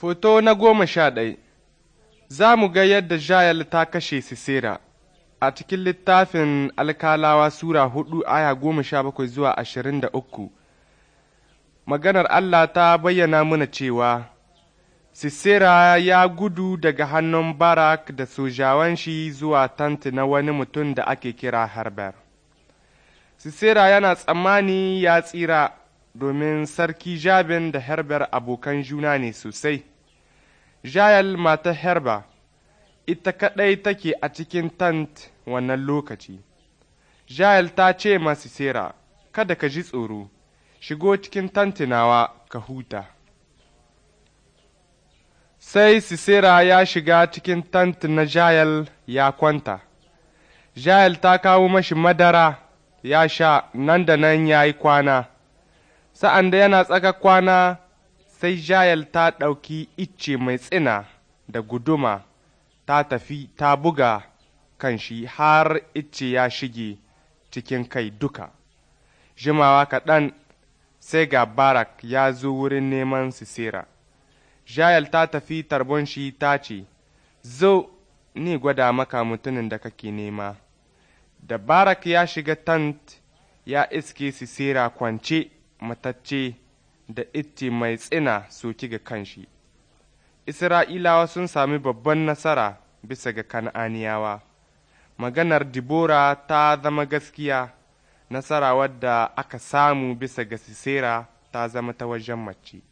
Foto na goma sha ɗaya Za mu ga yadda Jayal ta kashe Sisera a cikin littafin alkalawa Sura hudu aya goma sha bakwai zuwa ashirin da uku. Maganar Allah ta bayyana mana cewa Sisera ya gudu daga hannun Barak da sojawan shi zuwa tanti na wani mutum da ake kira Harbar. Sisera yana tsammani ya tsira domin sarki Jabin da Harbar abokan juna ne sosai. Jayal mata Herba, ita kaɗai take a cikin tent wannan lokaci. Jayal ta ce ma Sisera, Kada ka ji tsoro, shigo cikin tantinawa ka huta. Sai Sisera ya shiga cikin tant na Jayal ya kwanta. Jayal ta kawo mashi madara ya sha nan da nan ya yi kwana, sa'an da yana tsaka kwana sai jayal ta ɗauki icce mai tsina da guduma ta tafi ta buga kan shi har icce ya shige cikin kai duka. Jimawa kaɗan sai ga Barak ya zo wurin neman Sisera. Jayal ta tafi tarbon shi ta ce, Zo, ni gwada maka mutumin da kake nema. Da Barak ya shiga tant ya iske Sisera kwance matacce da itti mai tsina soki ga kanshi. Isra'ilawa sun sami babban nasara bisa ga Kan'aniyawa. Maganar Dibora ta zama gaskiya, nasara wadda aka samu bisa ga Sisera ta zama ta wajen mace.